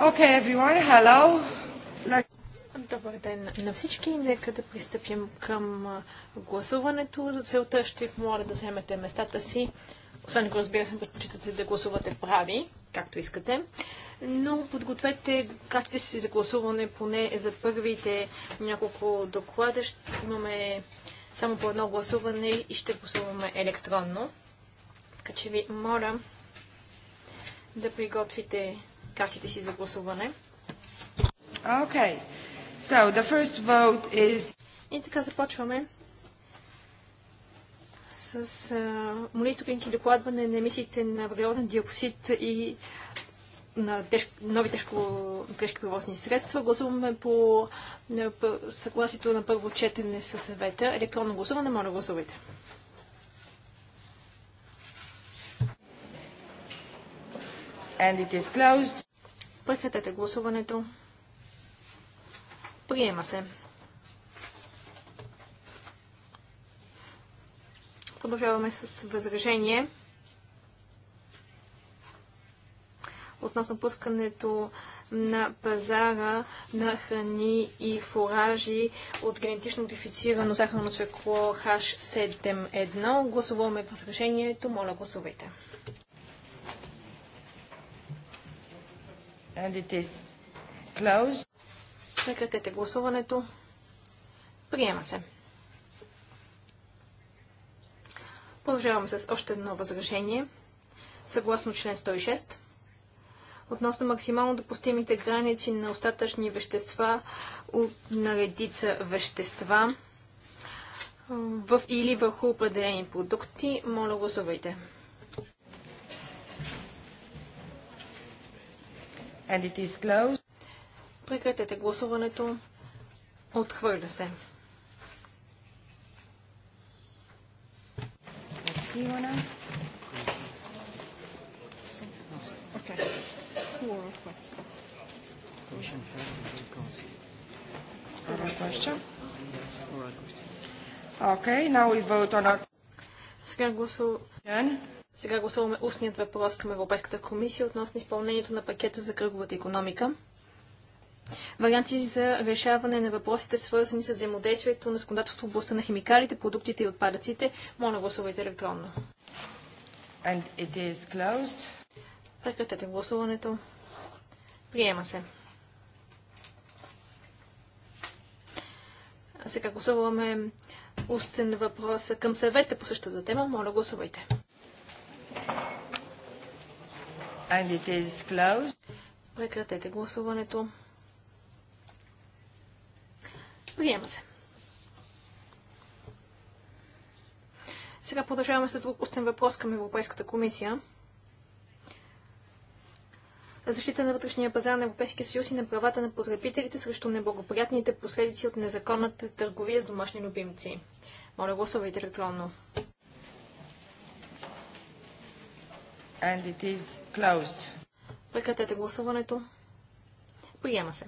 Okay, everyone, hello. Добър ден на всички. Нека да пристъпим към гласуването. За целта ще помоля да вземете местата си. Освен ако разбира се, предпочитате да гласувате прави, както искате. Но подгответе картите си за гласуване поне за първите няколко доклада. Ще имаме само по едно гласуване и ще гласуваме електронно. Така че ви моля да приготвите картите си за гласуване. Okay. So the first vote is... И така започваме с а, мониторинг и докладване на емисиите на въглероден диоксид и на теж... нови тежко, тежки превозни средства. Гласуваме по, на, по съгласието на първо четене със съвета. Електронно гласуване, моля гласувайте. And it is closed. Прекратете гласуването. Приема се. Продължаваме с възражение относно пускането на пазара на храни и фуражи от генетично модифицирано захарно свекло H7.1. Гласуваме възражението. Моля, гласувайте. Прекратете гласуването. Приема се. Продължавам с още едно възражение. Съгласно член 106, относно максимално допустимите граници на остатъчни вещества от наредица вещества в или върху определени продукти, моля гласувайте. And it is closed. Прекратете гласуването. Отхвърля се. Снимана. Okay. Four requests. Question first and then council. Oral question? Yes, oral question. Okay, now we vote on our... Сега гласуваме сега гласуваме устният въпрос към Европейската комисия относно изпълнението на пакета за кръговата економика. Варианти за решаване на въпросите, свързани с взаимодействието на законодателството в областта на химикалите, продуктите и отпадъците. Моля, гласувайте електронно. And it is closed. Прекратете гласуването. Приема се. А сега гласуваме устен въпрос към съвета по същата тема. Моля, гласувайте. And it is closed. Прекратете гласуването. Приема се. Сега продължаваме с друг устен въпрос към Европейската комисия. Защита на вътрешния пазар на Европейския съюз и на правата на потребителите срещу неблагоприятните последици от незаконната търговия с домашни любимци. Моля, гласувайте електронно. And it is closed. Прекратете гласуването. Приема се.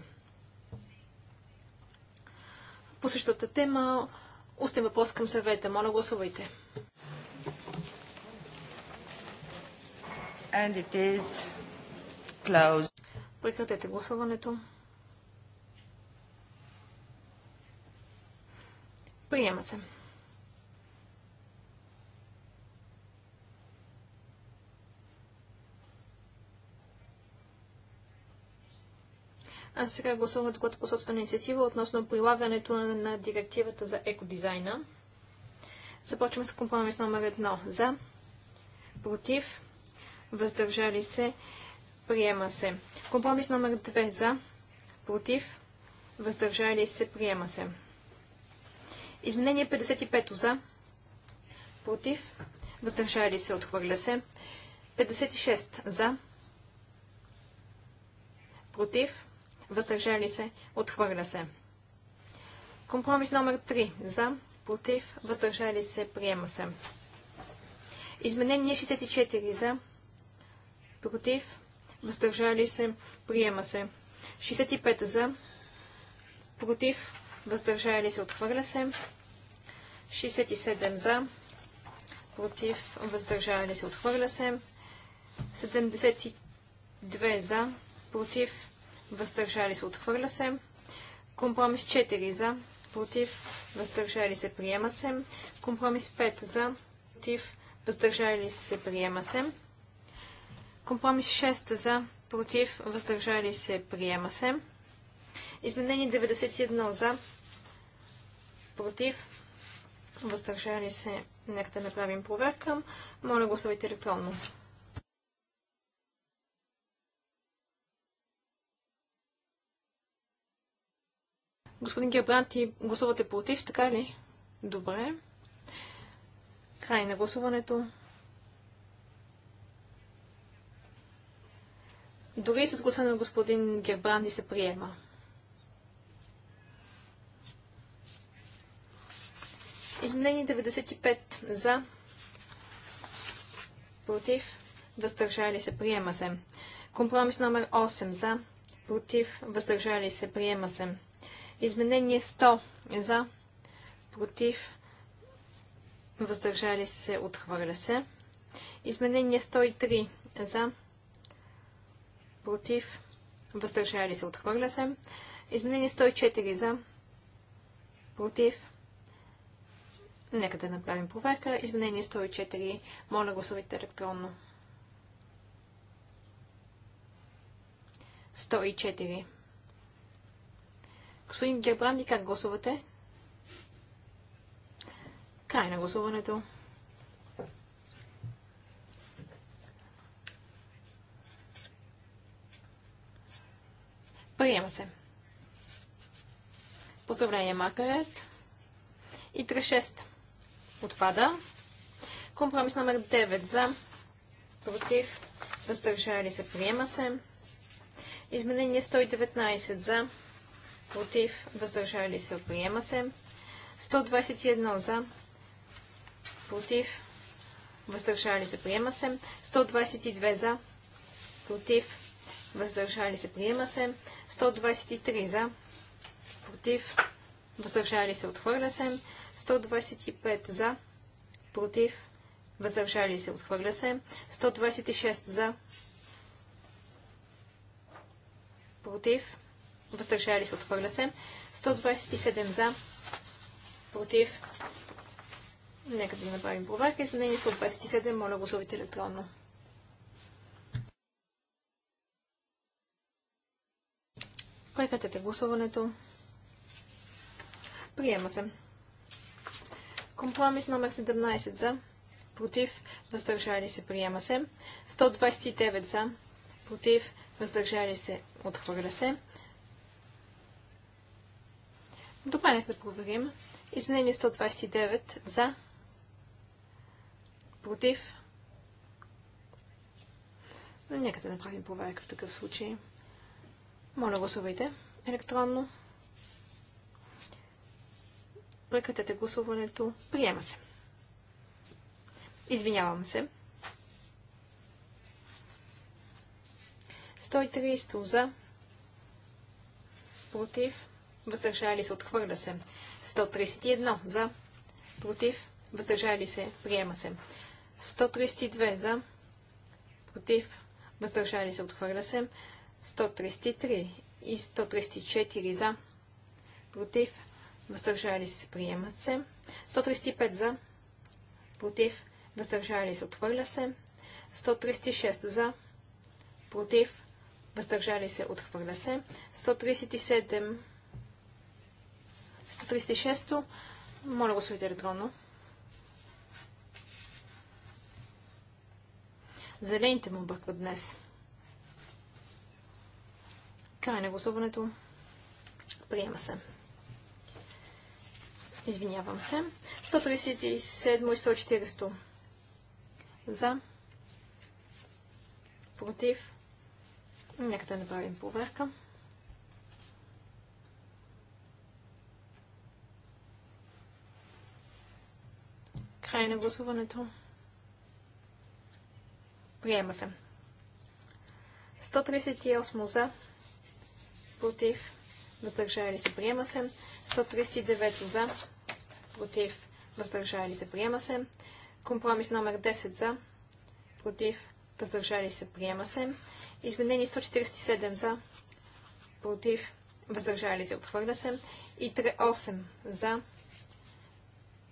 По същата тема, устен въпрос към съвета. Моля, гласувайте. And it is closed. Прекратете гласуването. Приема се. А сега гласувам, доклад по собствена инициатива относно прилагането на, директивата за екодизайна. Започваме с компромис номер 1. За, против, въздържали се, приема се. Компромис номер 2. За, против, въздържали се, приема се. Изменение 55 за, против, въздържали се, отхвърля се. 56 за, против, въздържали се, отхвърля се. Компромис номер 3. За, против, въздържали се, приема се. Изменение 64. За, против, въздържали се, приема се. 65. За, против, въздържали се, отхвърля се. 67. За, против, въздържали се, отхвърля се. 72 за, против, въздържали се, отхвърля се. Компромис 4 за, против, въздържали се, приема се. Компромис 5 за, против, въздържали се, приема се. Компромис 6 за, против, въздържали се, приема се. Изменение 91 за, против, въздържали се. Нека да направим проверка. Моля, гласувайте електронно. Господин ти гласувате против, така ли? Добре. Край на гласуването. Дори с гласа на господин Гербранди се приема. Изменение 95 за. Против. Въздържали се. Приема се. Компромис номер 8 за. Против. Въздържали се. Приема се. Изменение 100 за, против, въздържали се, отхвърля се. Изменение 103 за, против, въздържали се, отхвърля се. Изменение 104 за, против. Нека да направим проверка. Изменение 104. Моля гласувайте електронно. 104. Господин Гербранди, как гласувате? Край на гласуването. Приема се. Поздравление, Маргарет. И 3-6 отпада. Компромис номер 9 за, против, въздържали се, приема се. Изменение 119 за, против, въздържали се, приема се. 121 за, против, въздържали се, приема се. 122 за, против, въздържали се, приема се. 123 за, против, въздържали се, отхвърля се. 125 за, против, въздържали се, отхвърля се. 126 за, против, въздържали се, отхвърля се. 127 за, против. Нека да направим проверка. Изменение 127, моля зовите електронно. Прекратете гласуването. Приема се. Компромис номер 17 за, против, въздържали се, приема се. 129 за, против, въздържали се, отхвърля се. Добре, нека да проверим. Изменение 129 за, против. Нека да направим проверка в такъв случай. Моля, гласувайте електронно. Прекратете гласуването. Приема се. Извинявам се. 130 за. Против въздържали се, отхвърля се. 131 за, против, въздържали се, приема се. 132 за, против, въздържали се, отхвърля се. 133 и 134 за, против, въздържали се, приема се. 135 за, против, въздържали се, отхвърля се. 136 за, против, въздържали се, отхвърля се. 137 136-то. Моля, свете електронно. Зелените му бъркват днес. Край на гласуването. Приема се. Извинявам се. 137 и 140. За. Против. Нека да направим проверка. Край на гласуването. Приема се. 138 за. Против. Въздържали се. Приема се. 139 за. Против. Въздържали се. Приема се. Компромис номер 10 за. Против. Въздържали се. Приема се. Изменени 147 за. Против. Въздържали се. Отхвърля се. И 3, 8 за.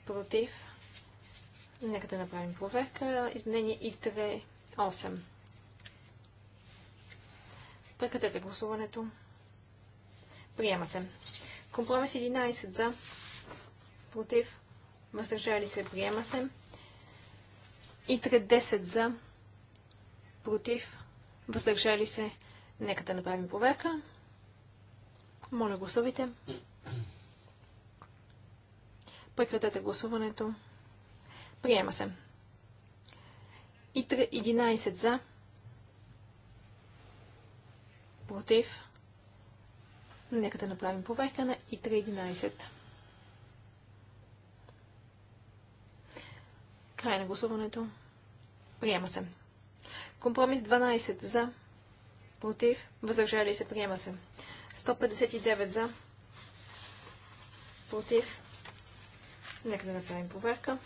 Против Нека да направим проверка. Изменение ИТРЕ 8. Прекратете гласуването. Приема се. Компромис 11 за. Против. Въздържали се. Приема се. ИТРЕ 10 за. Против. Въздържали се. Нека да направим проверка. Моля, гласувайте. Прекратете гласуването. Приема се. Итра 11 за. Против. Нека да направим поверка на Итра 11. Край на гласуването. Приема се. Компромис 12 за. Против. Въздържали се. Приема се. 159 за. Против. Нека да направим поверка.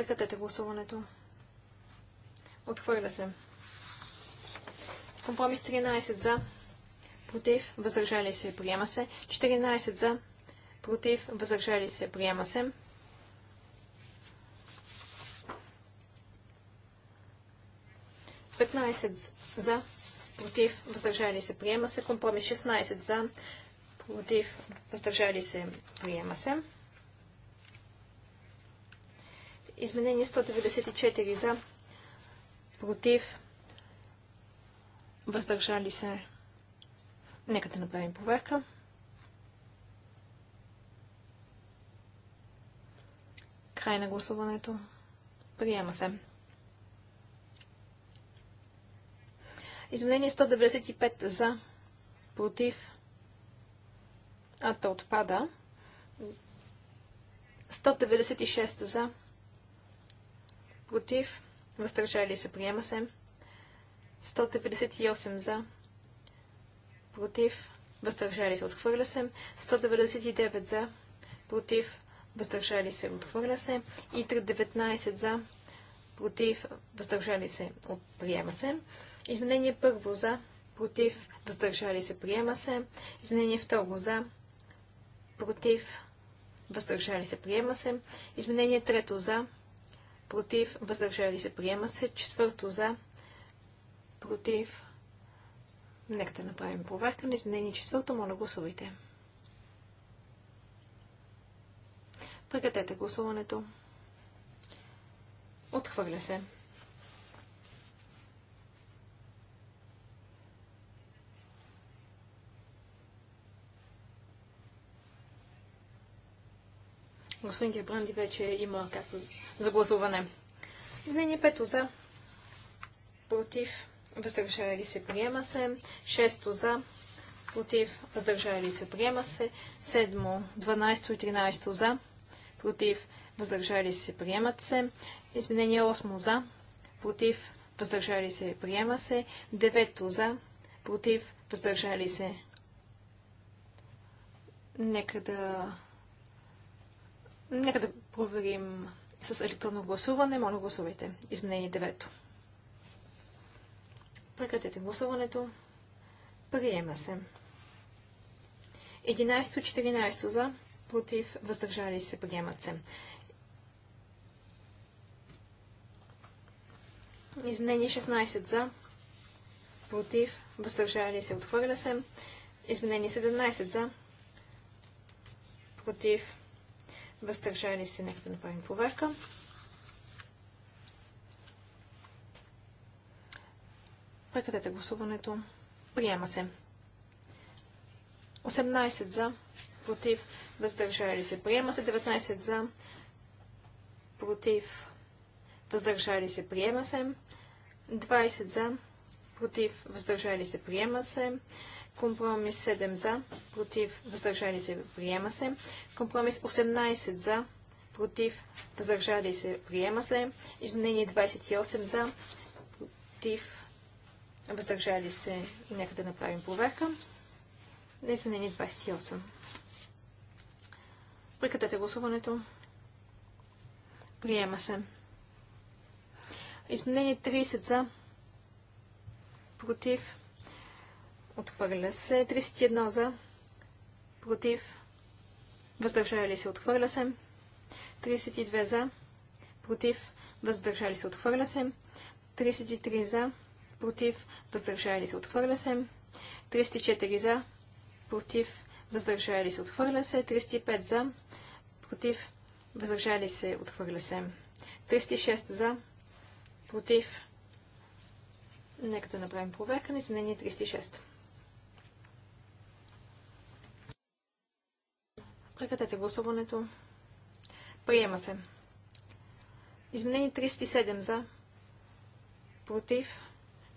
Прекратете гласуването. Отхвърля се. Компромис 13 за. Против. Въздържали се. Приема се. 14 за. Против. Въздържали се. Приема се. Петнайсет за. Против. Въздържали се. Приема се. Компромис 16 за. Против. Въздържали се. Приема се. Изменение 194 за, против, въздържали се. Нека да направим проверка. Край на гласуването. Приема се. Изменение 195 за, против, а то отпада. 196 за, против, въздържали се, приема се. 198 за, против, въздържали се, отхвърля се. 199 за, против, въздържали се, отхвърля се. И 319 за, против, въздържали се, от... приема се. Изменение първо за, против, въздържали се, приема се. Изменение второ за, против, въздържали се, приема се. Изменение трето за, против, въздържали се, приема се. Четвърто за, против. Нека да направим проверка на изменение четвърто. Моля, гласувайте. Прекратете гласуването. Отхвърля се. Господин Гебранди вече има както за гласуване. Изменение 5 за. Против. Въздържали се. Приема се. 6 за. Против. Въздържали се. Приема се. 7. 12 и 13 за. Против. Въздържали се. Приемат се. Изменение 8 за. Против. Въздържали се. Приема се. 9 за. Против. Въздържали се. Нека да Нека да проверим с електронно гласуване. Моля, гласувайте. Изменение 9. Прекратете гласуването. Приема се. 11-14 за, против, въздържали се, приемат се. Изменение 16 за, против, въздържали се, отхвърля се. Изменение 17 за, против, въздържали се, нека да направим проверка. Прекратете гласуването. Приема се. 18 за, против, въздържали се. Приема се 19 за, против, въздържали се. Приема се. 20 за, против, въздържали се, приема се. Компромис 7 за, против, въздържали се, приема се. Компромис 18 за, против, въздържали се, приема се. Изменение 28 за, против, въздържали се. И нека да направим проверка на изменение 28. Прекратете гласуването. Приема се. Изменение 30 за, против, отхвърля се. 31 за, против, въздържали се, отхвърля се. 32 за, против, въздържали се, отхвърля се. 33 за, против, въздържали се, отхвърля се. 34 за, против, въздържали се, отхвърля се. 35 за, против, въздържали се, отхвърля се. 36 за, против, Нека да направим проверка на изменение 36. Прекратете гласуването. Приема се. Изменение 37 за. Против.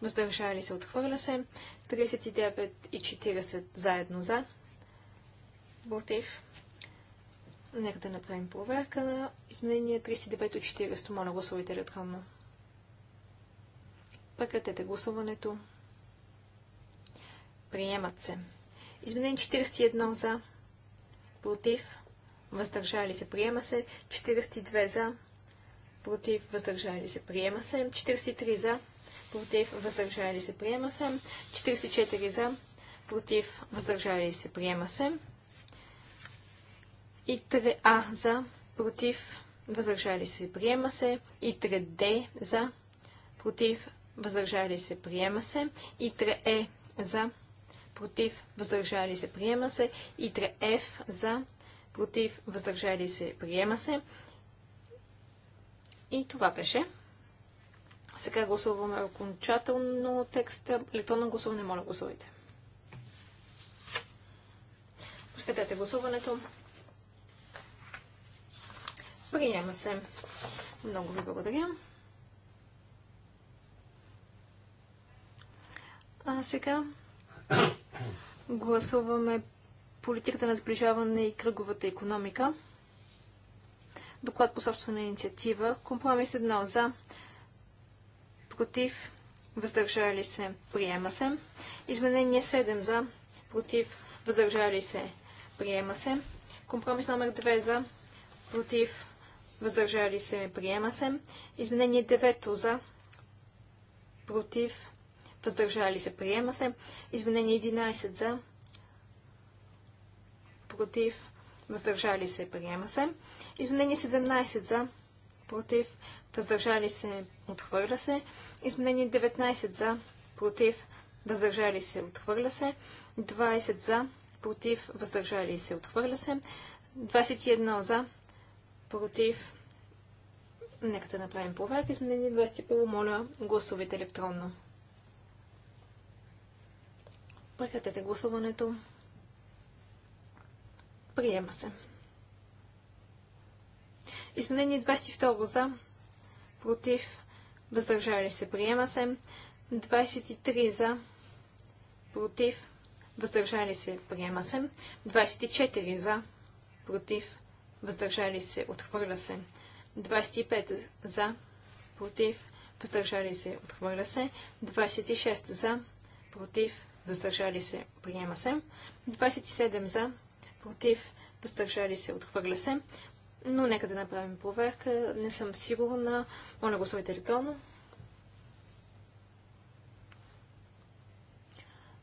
Въздържали се. Отхвърля се. 39 и 40 заедно за. Против. Нека да направим проверка на изменение 39 и 40. Моля, гласувайте електронно. Прекратете гласуването. Приемат се. Изменен 41 за. Против. Въздържали се. Приема се. 42 за. Против. Въздържали се. Приема се. 43 за. Против. Въздържали се. Приема се. 44 за. Против. Въздържали се. Приема се. И 3А за. Против. Въздържали се. Приема се. И 3 Д за. Против въздържали се, приема се. И е за, против, въздържали се, приема се. И ф за, против, въздържали се, приема се. И това беше. Сега гласуваме окончателно текста. Електронно гласуване, моля гласувайте. Прекратете гласуването. Приема се. Много ви благодаря. А сега гласуваме политиката на сближаване и кръговата економика. Доклад по собствена инициатива. Компромис 1 за. Против. Въздържали се. Приема се. Изменение 7 за. Против. Въздържали се. Приема се. Компромис номер 2 за. Против. Въздържали се. Приема се. Изменение 9 за. Против въздържали се, приема се. Извинение 11 за, против, въздържали се, приема се. Извинение 17 за, против, въздържали се, отхвърля се. Извинение 19 за, против, въздържали се, отхвърля се. 20 за, против, въздържали се, отхвърля се. 21 за, против, нека да направим проверка. Извинение 21, моля, гласувайте електронно. Прекратете гласуването. Приема се. Изменение 22 за, против, въздържали се, приема се. 23 за, против, въздържали се, приема се. 24 за, против, въздържали се, отхвърля се. 25 за, против, въздържали се, отхвърля се. 26 за, против, въздържали се, приема се. 27 за, против, въздържали се, отхвърля се. Но нека да направим проверка. Не съм сигурна. Моля, своите електронно.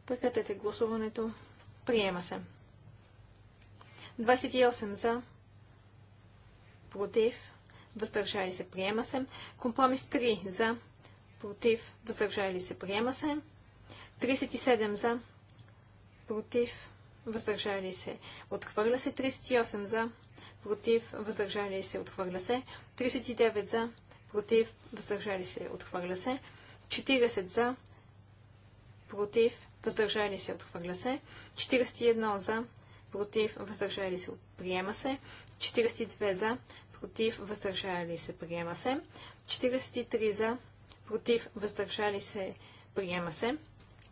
Прекратете гласуването. Приема се. 28 за, против, въздържали се, приема се. Компромис 3 за, против, въздържали се, приема се. 37 за, против, въздържали се, отхвърля се. 38 за, против, въздържали се, отхвърля се. 39 за, против, въздържали се, отхвърля се. 40 за, против, въздържали се, отхвърля се. 41 за, против, въздържали се, приема се. 42 за, против, въздържали се, приема се. 43 за, против, въздържали се, приема се.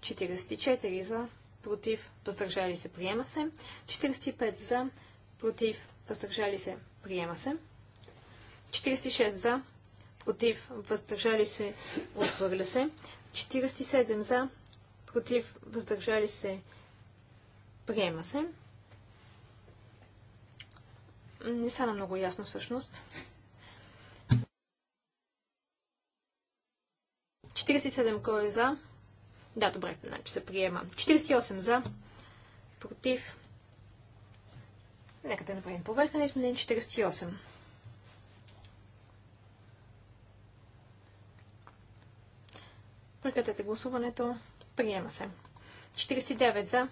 44 за, против, въздържали се, приема се. 45 за, против, въздържали се, приема се. 46 за, против, въздържали се, отхвърля се. 47 за, против, въздържали се, приема се. Не стана много ясно всъщност. 47 кой е за, да, добре, значи се приема. 48 за, против. Нека да направим проверка на изменение 48. Прекратете гласуването. Приема се. 49 за,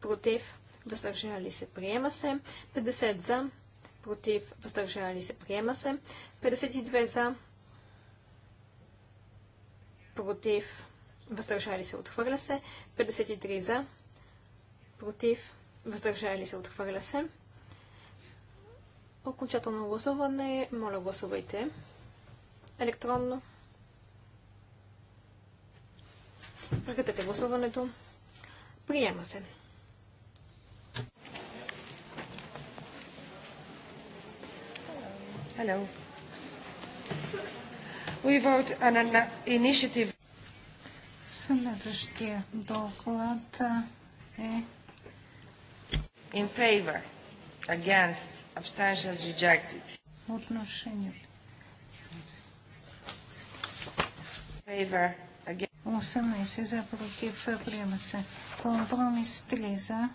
против, въздържали се, приема се. 50 за, против, въздържали се, приема се. 52 за, против, въздържали се, отхвърля се. 53 за, против, въздържали се, отхвърля се. Окончателно гласуване, моля гласувайте електронно. Прекратете гласуването. Приема се. Hello. We vote on an initiative. Следващия доклад е In favor, against, abstentions rejected. against. 18 за против приема се. Компромис 3 за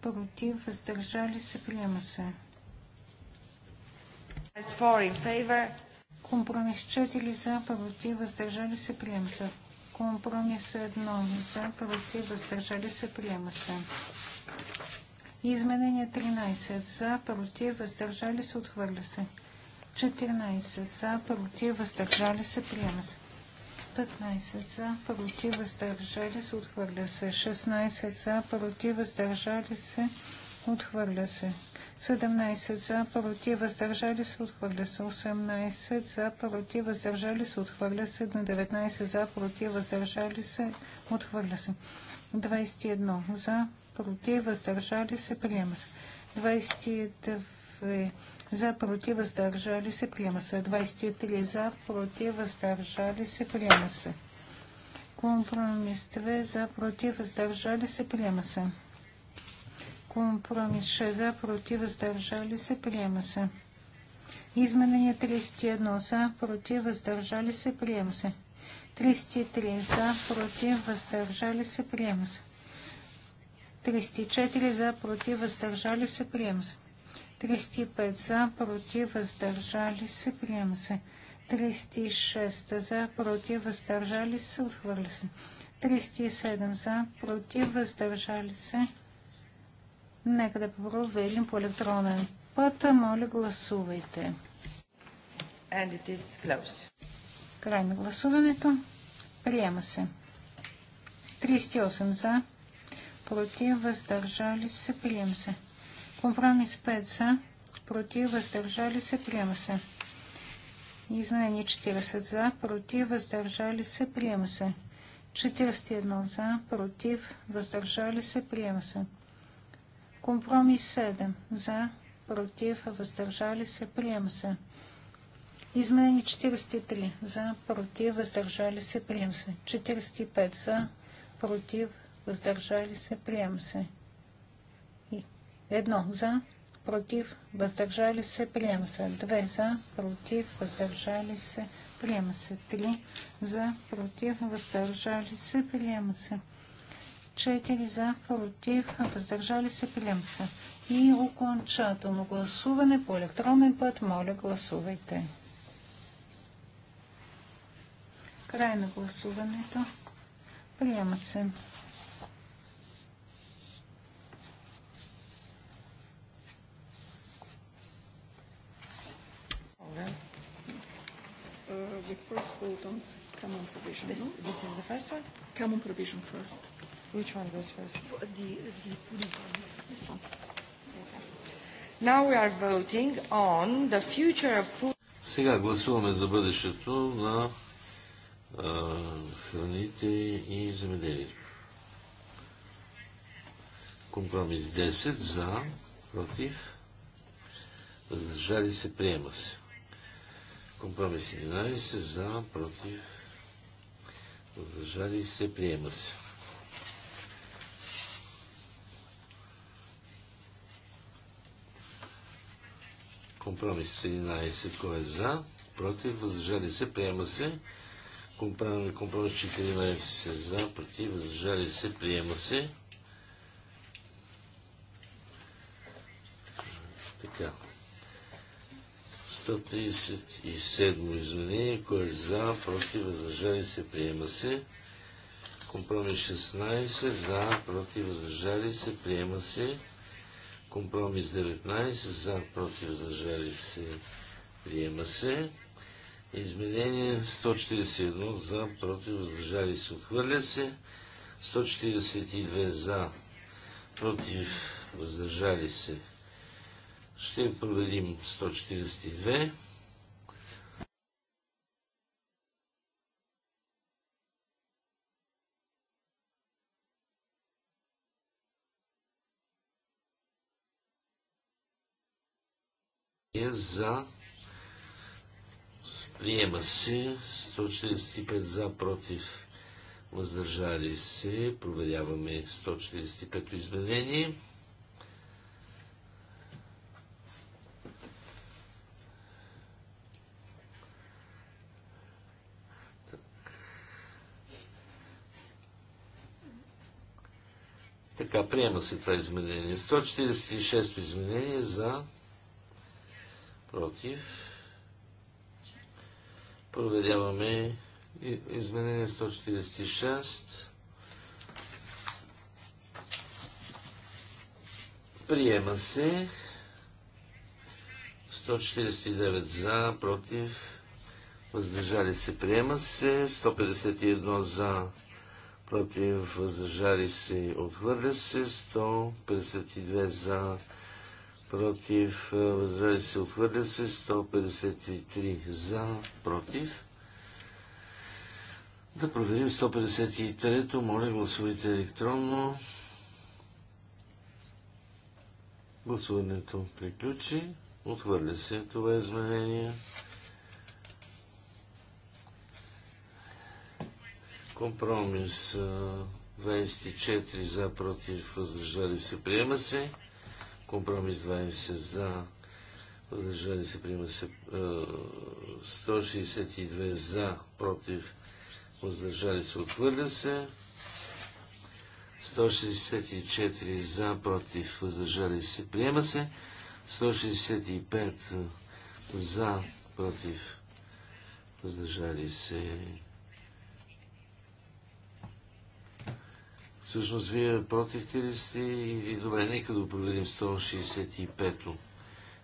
против въздържали се приема се. Компромис 4 за против въздържали се приема се. Компромис едно за, против, въздържали се, приема се. Изменение 13 за, против, въздържали се, отхвърля се. 14 за, против, въздържали се, приема се. 15 за, против, въздържали се, отхвърля се. 16 за, против, въздържали се, отхвърля се. 17 за, против, въздържали се, отхвърля се. 18 за, против, въздържали се, отхвърля се. 19 за, против, въздържали се, отхвърля се. 21 за, против, въздържали се, приема се. 22 за, против, въздържали се, приема се. 23 за, против, въздържали се, приема се. Компромис 2 за, против, въздържали се, приема се. Компромис 6 за, против, въздържали се, приема се. Изменение 31 за, против, въздържали се, приема се. 33 за, против, въздържали се, приема се. 34 за, против, въздържали се, приема се. 35 за, против, въздържали се, приема се. 36 за, против, въздържали се, отхвърля се. 37 за, против, въздържали се, Нека да проверим по електронен път. Моля, гласувайте. And it is closed. Край на гласуването. Приема се. 38 за, против, въздържали се, приема се. Компромис 5 за, против, въздържали се, приема се. Изменение 40 за, против, въздържали се, приема се. 41 за, против, въздържали се, приема се. Компромис 7 за, против, въздържали се, приема се. Изменение 43 за, против, въздържали се, приема се. 45 за, против, въздържали се, приема се. Едно за, против, въздържали се, приема се. Две за, против, въздържали се, приема се. Три за, против, въздържали се, приема се. 4 за, против, въздържали се, приема се. И окончателно гласуване по електронен път. Моля, гласувайте. Край на гласуването. Приемат се. Uh, the first vote on common provision. This, this is the first one? Common provision first. Which one goes first? The, the, this one. Now we are voting on the future of food. Сега гласуваме за бъдещето на а, храните и земеделието. Компромис 10 за, против, въздържали се, приема се. Компромис 11 за, против, въздържали се, приема се. Компромис 13. Кой е за? Против. Въздържали се. Приема се. Компромис 14. За. Против. Въздържали се. Приема се. Така. 137 изменение. Кой е за? Против. Въздържали се. Приема се. Компромис 16. За. Против. Въздържали се. Приема се. Компромис 19 за против въздържали се приема се. Изменение 141 за против въздържали се отхвърля се. 142 за против въздържали се. Ще проверим 142. за. Приема се 145 за против въздържали се. Проверяваме 145 изменение. Така, приема се това изменение. 146 изменение за против. Проверяваме изменение 146. Приема се. 149 за, против, въздържали се, приема се. 151 за, против, въздържали се, отхвърля се. 152 за, против, е, въздържали се, отхвърля се, 153 за, против. Да проверим 153-то, моля гласувайте електронно. Гласуването приключи, отхвърля се това изменение. Компромис 24 е, за, против, въздържали се, приема се. Компромис 20 за. Въздържали се приема се 162 е, за, против, въздържали се, отхвърля се. 164 за, против, въздържали се, приема се. 165 за, против, въздържали се, Всъщност, вие против ли сте? И, добре, нека да проверим 165-то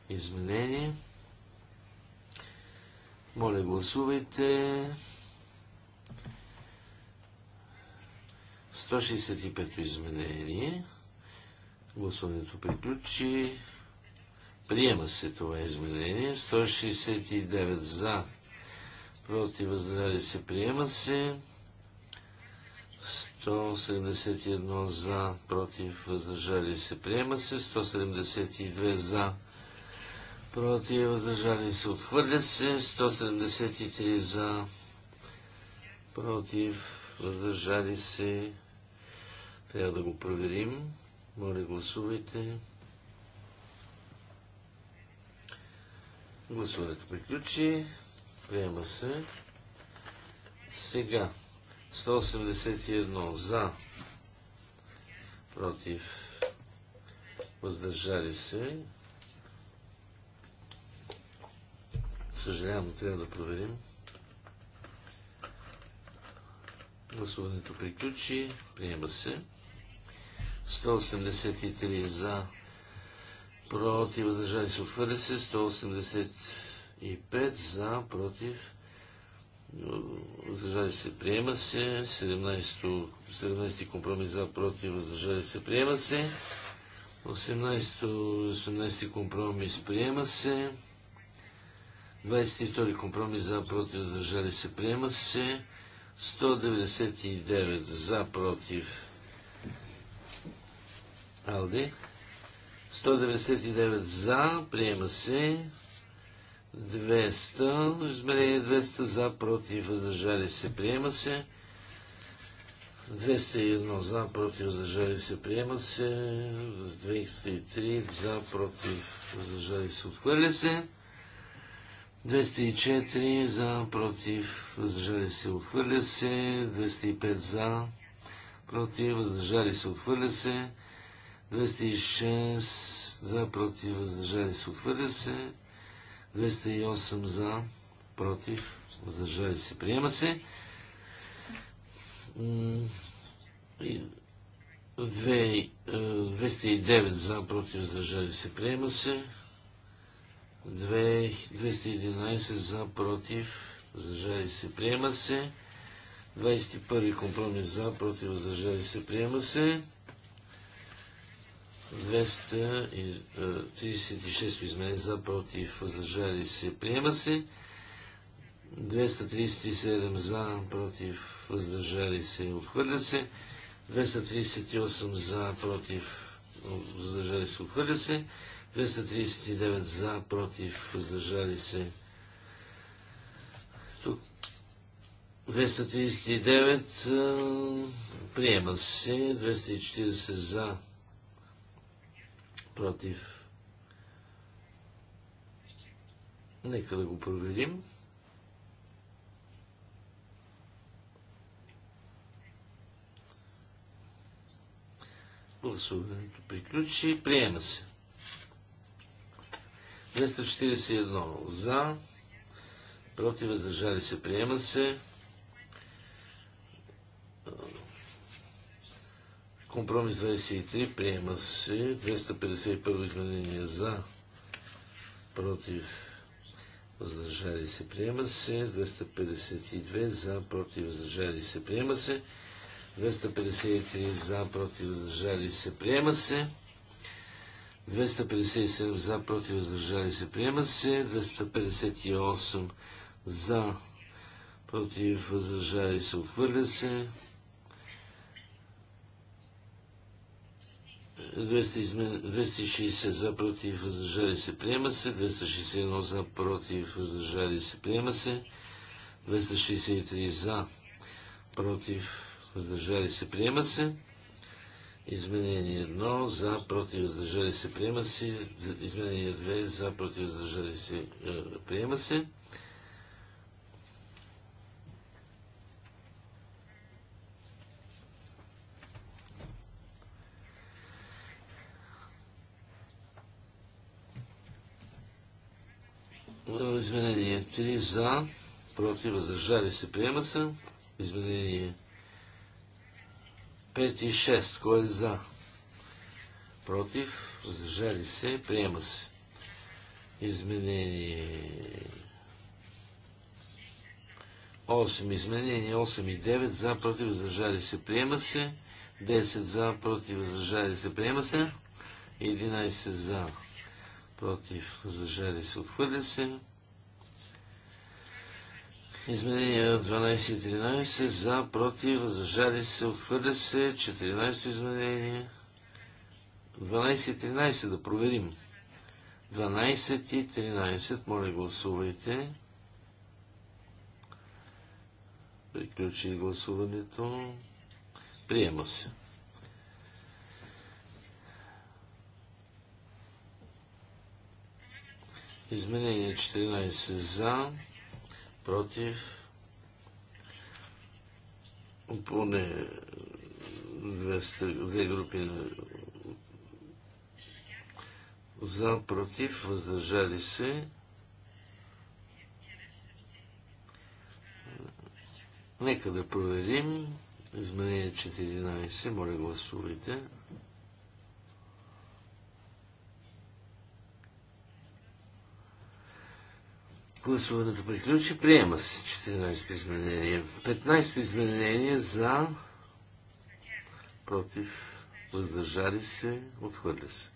изменение. Моля, гласувайте. 165-то изменение. Гласуването приключи. Приема се това изменение. 169 за. Против въздържали се. Приема се. 171 за, против, въздържали се. Приема се 172 за, против, въздържали се. Отхвърля се 173 за, против, въздържали се. Трябва да го проверим. Моля, гласувайте. Гласуването приключи. Приема се. Сега 181 за, против, въздържали се. Съжалявам, трябва да проверим. Гласуването приключи. Приема се. 183 за, против, въздържали се, отхвърля се. 185 за, против, въздържали се, приема се. 17 ти компромис за, против, въздържали се, приема се. 18 ти компромис приема се. 22 компромис за, против, въздържали се, приема се. 199 за, против. Алди. 199 за, приема се. 200, измерение 200 за, против, въздържали се, приема се. 201 за, против, въздържали се, приема се. 203 за, против, въздържали се, отхвърля се. 204 за, против, въздържали се, отхвърля се. 205 за, против, въздържали се, отхвърля се. 206 за, против, въздържали се, отхвърля се. 208 за, против, въздържали се, приема се. И 209 е, за, против, въздържали се, приема се. 211 за, против, въздържали се, приема се. 21 компромис за, против, въздържали се, приема се. 236 е, изменение за, против, въздържали се, приема се. 237 за, против, въздържали се, отхвърля се. 238 за, против, въздържали се, отхвърля се. 239 за, против, въздържали се. Тук 239 е, приема се, 240 за, против. Нека да го проверим. Гласуването приключи. Приема се. 241 за. Против въздържали се. Приема се. Компромис 23 приема се. 251 изменение за. Против. Въздържали се. Приема се. 252 за. Против. Въздържали се. Приема се. 253 за. Против. Въздържали се. Приема се. 257 за. Против. Въздържали се. Приема се. 258 за. Против. Въздържали се. Отхвърля се. 260 за против въздържали се приема се, 261 за против въздържали се приема се, 263 за против въздържали се приема се, изменение 1 за против въздържали се приема се, изменение 2 за против въздържали се е, приема се, Изменение 3 за, против, въздържали се, приемат се. Изменение 5 и 6, кой е за? Против, въздържали се, приема се. Изменение 8, изменение 8 и 9 за, против, въздържали се, приема се. 10 за, против, въздържали се, приема се. 11 за, против, въздържали се, отхвърля се. Изменения 12 и 13 за, против, въздържали се, отхвърля се. 14 изменение. 12 и 13 да проверим. 12 и 13, моля гласувайте. Приключи гласуването. Приема се. Изменение 14 за, против, поне две групи на за, против, въздържали се. Нека да проверим. Изменение 14. Моля гласувайте. Гласуването приключи. Приема се 14 то изменение. 15 изменение за против въздържали се, отхвърля се.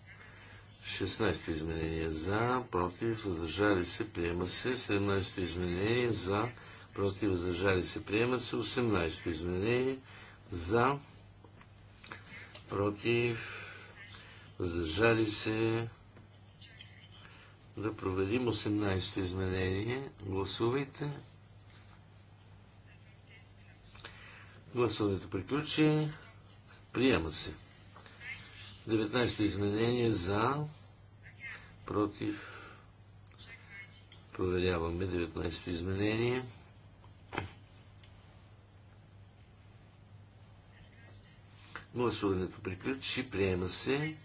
16 изменение за, против, въздържали се, приема се. 17 то изменение за, против, въздържали се, приема се. 18 то изменение за, против, въздържали се, да проведим 18-то изменение. Гласувайте. Гласуването приключи. Приема се. 19-то изменение за, против. Проверяваме 19-то изменение. Гласуването приключи. Приема се.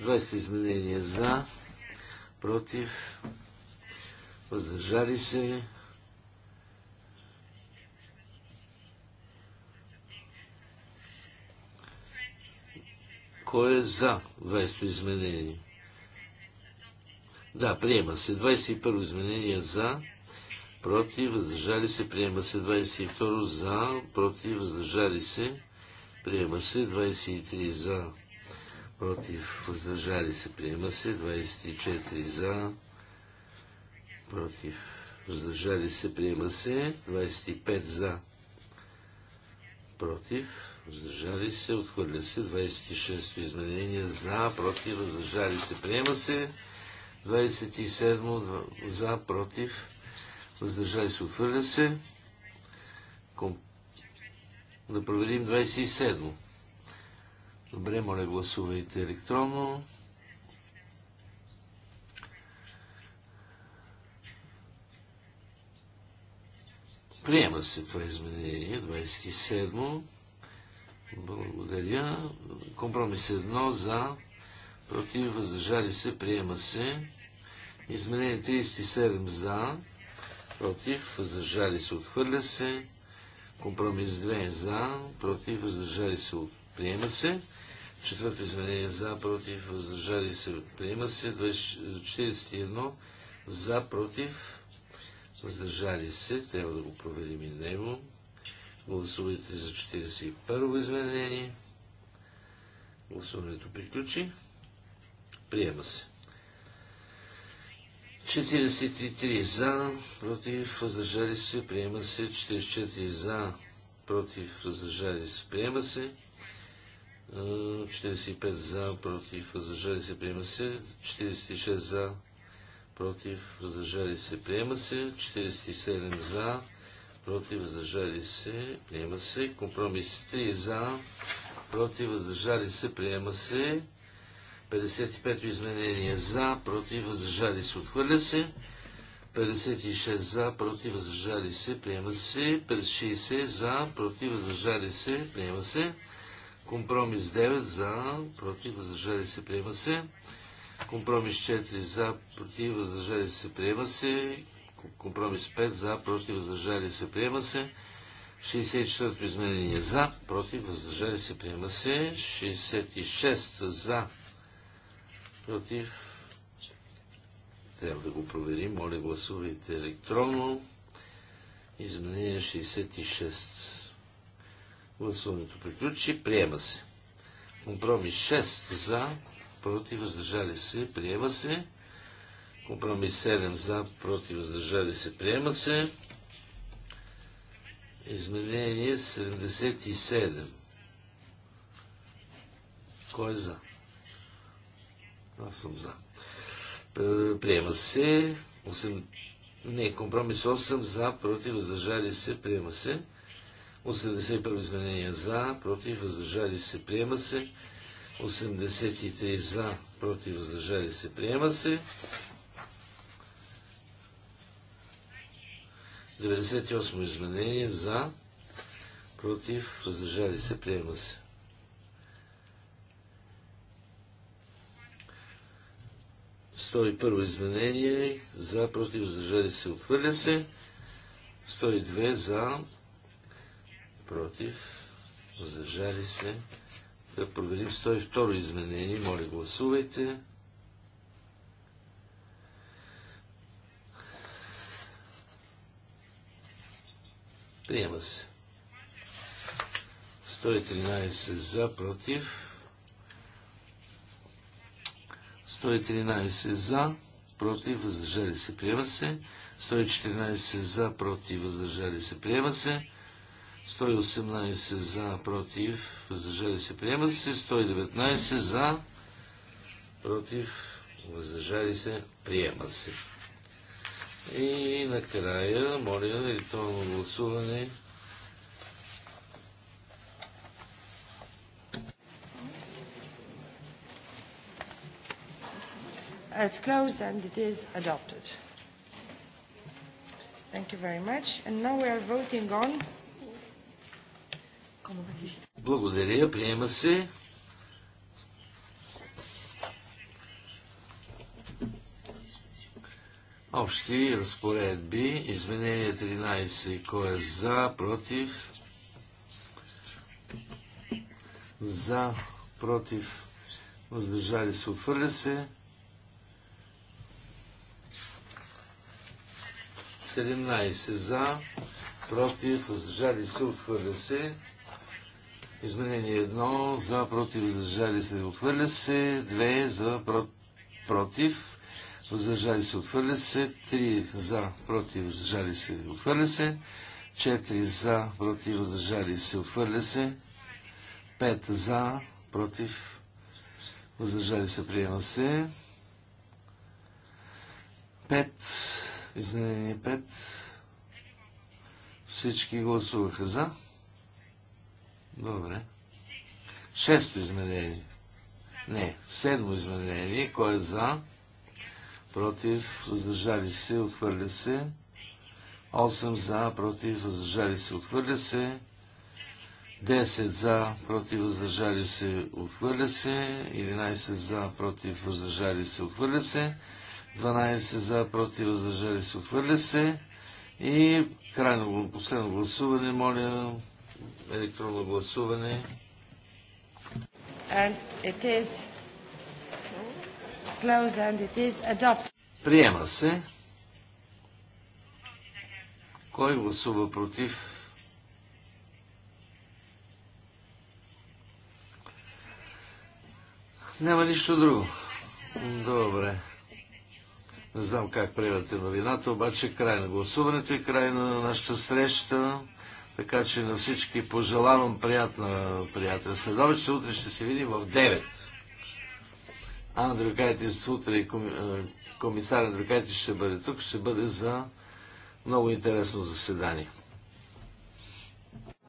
20-то изменение за, против против, въздържали се. Кой е за 20-то изменение? Да, приема се. 21-то изменение за, против, въздържали се, приема се. 22-то за, против, въздържали се, приема се. 23 за, против, въздържали се, приема се, 24 за, против, въздържали се, приема се, 25 за, против, въздържали се, отхвърля се, 26 изменение за, против, въздържали се, приема се, 27 за, против, въздържали се, отхвърля се, Ком... да проверим 27. Добре, моля гласувайте електронно. Приема се това изменение. 27. Благодаря. Компромис 1 за. Против. Въздържали се. Приема се. Изменение 37 за. Против. Въздържали се. Отхвърля се. Компромис 2 за. Против. Въздържали се. Приема се. Четвърто изменение за, против, въздържали се, приема се. 41 за, против, въздържали се. Трябва да го проверим и него. Гласувайте за 41 изменение. Гласуването приключи. Приема се. 43 за, против, въздържали се, приема се. 44 за, против, въздържали се, приема се. 45 за, против, въздържали се, приема се. 46 за, против, въздържали се, приема се. 47 за, против, въздържали се, приема се. Компромис 3 за, против, въздържали се, приема се. 55 изменение за, против, въздържали се, отхвърля се. 56 за, против, въздържали се, приема се. 60 за, против, въздържали се, приема се. Компромис 9 за, против, въздържали се, приема се. Компромис 4 за, против, въздържали се, приема се. Компромис 5 за, против, въздържали се, приема се. 64-то изменение за, против, въздържали се, приема се. 66 за, против. Трябва да го проверим. Моля, гласувайте електронно. Изменение 66. Гласуването приключи. Приема се. Компромис 6 за, против, въздържали се. Приема се. Компромис 7 за, против, въздържали се. Приема се. Изменение 77. Кой е за? Аз съм за. Е, приема се. 8... Не, компромис 8 за, против, въздържали се. Приема се. 81 изменения за, против, въздържали се, приема се. 83 за, против, въздържали се, приема се. 98 изменение за, против, въздържали се, приема се. първо изменение за, против, въздържали се, отхвърля се. 102 за, против, въздържали се. Да проверим 102 изменение. Моля, гласувайте. Приема се. 113 за, против. 113 за, против, въздържали се, приема се. 114 за, против, въздържали се, приема се. 118 за, против, въздържали се, приемат се. 119 за, против, въздържали се, приемат се. И накрая, моля, електронно гласуване. It's closed and it is adopted. Thank you very much. And now we are voting on благодаря, приема се. Общи разпоредби. Изменение 13. Кой е за, против? За, против, въздържали се, отвърля се. 17 за, против, въздържали се, отвърля се. Изменение 1 за против въздържали се отхвърля се. 2 за про... против въздържали се отхвърля се. 3 за против въздържали се отхвърля се. 4 за против въздържали се отхвърля се. 5 за против въздържали се приема се. 5 изменение 5 всички гласуваха за. Добре. Шесто изменение. Не, седмо изменение. Кой е за? Против, въздържали се, отхвърля се. 8 за, против, въздържали се, отхвърля се. 10 за, против, въздържали се, отхвърля се. 11 за, против, въздържали се, отвърля се. 12 за, против, въздържали се, отвърля се. И крайно последно гласуване, моля, електронно гласуване. Приема се. Кой гласува против? Няма нищо друго. Добре. Не знам как приемате новината, обаче край на гласуването и край на нашата среща. Така че на всички пожелавам приятна приятел. Следовище утре ще се видим в 9. Андрю сутре, утре комисар Андрю ще бъде тук. Ще бъде за много интересно заседание.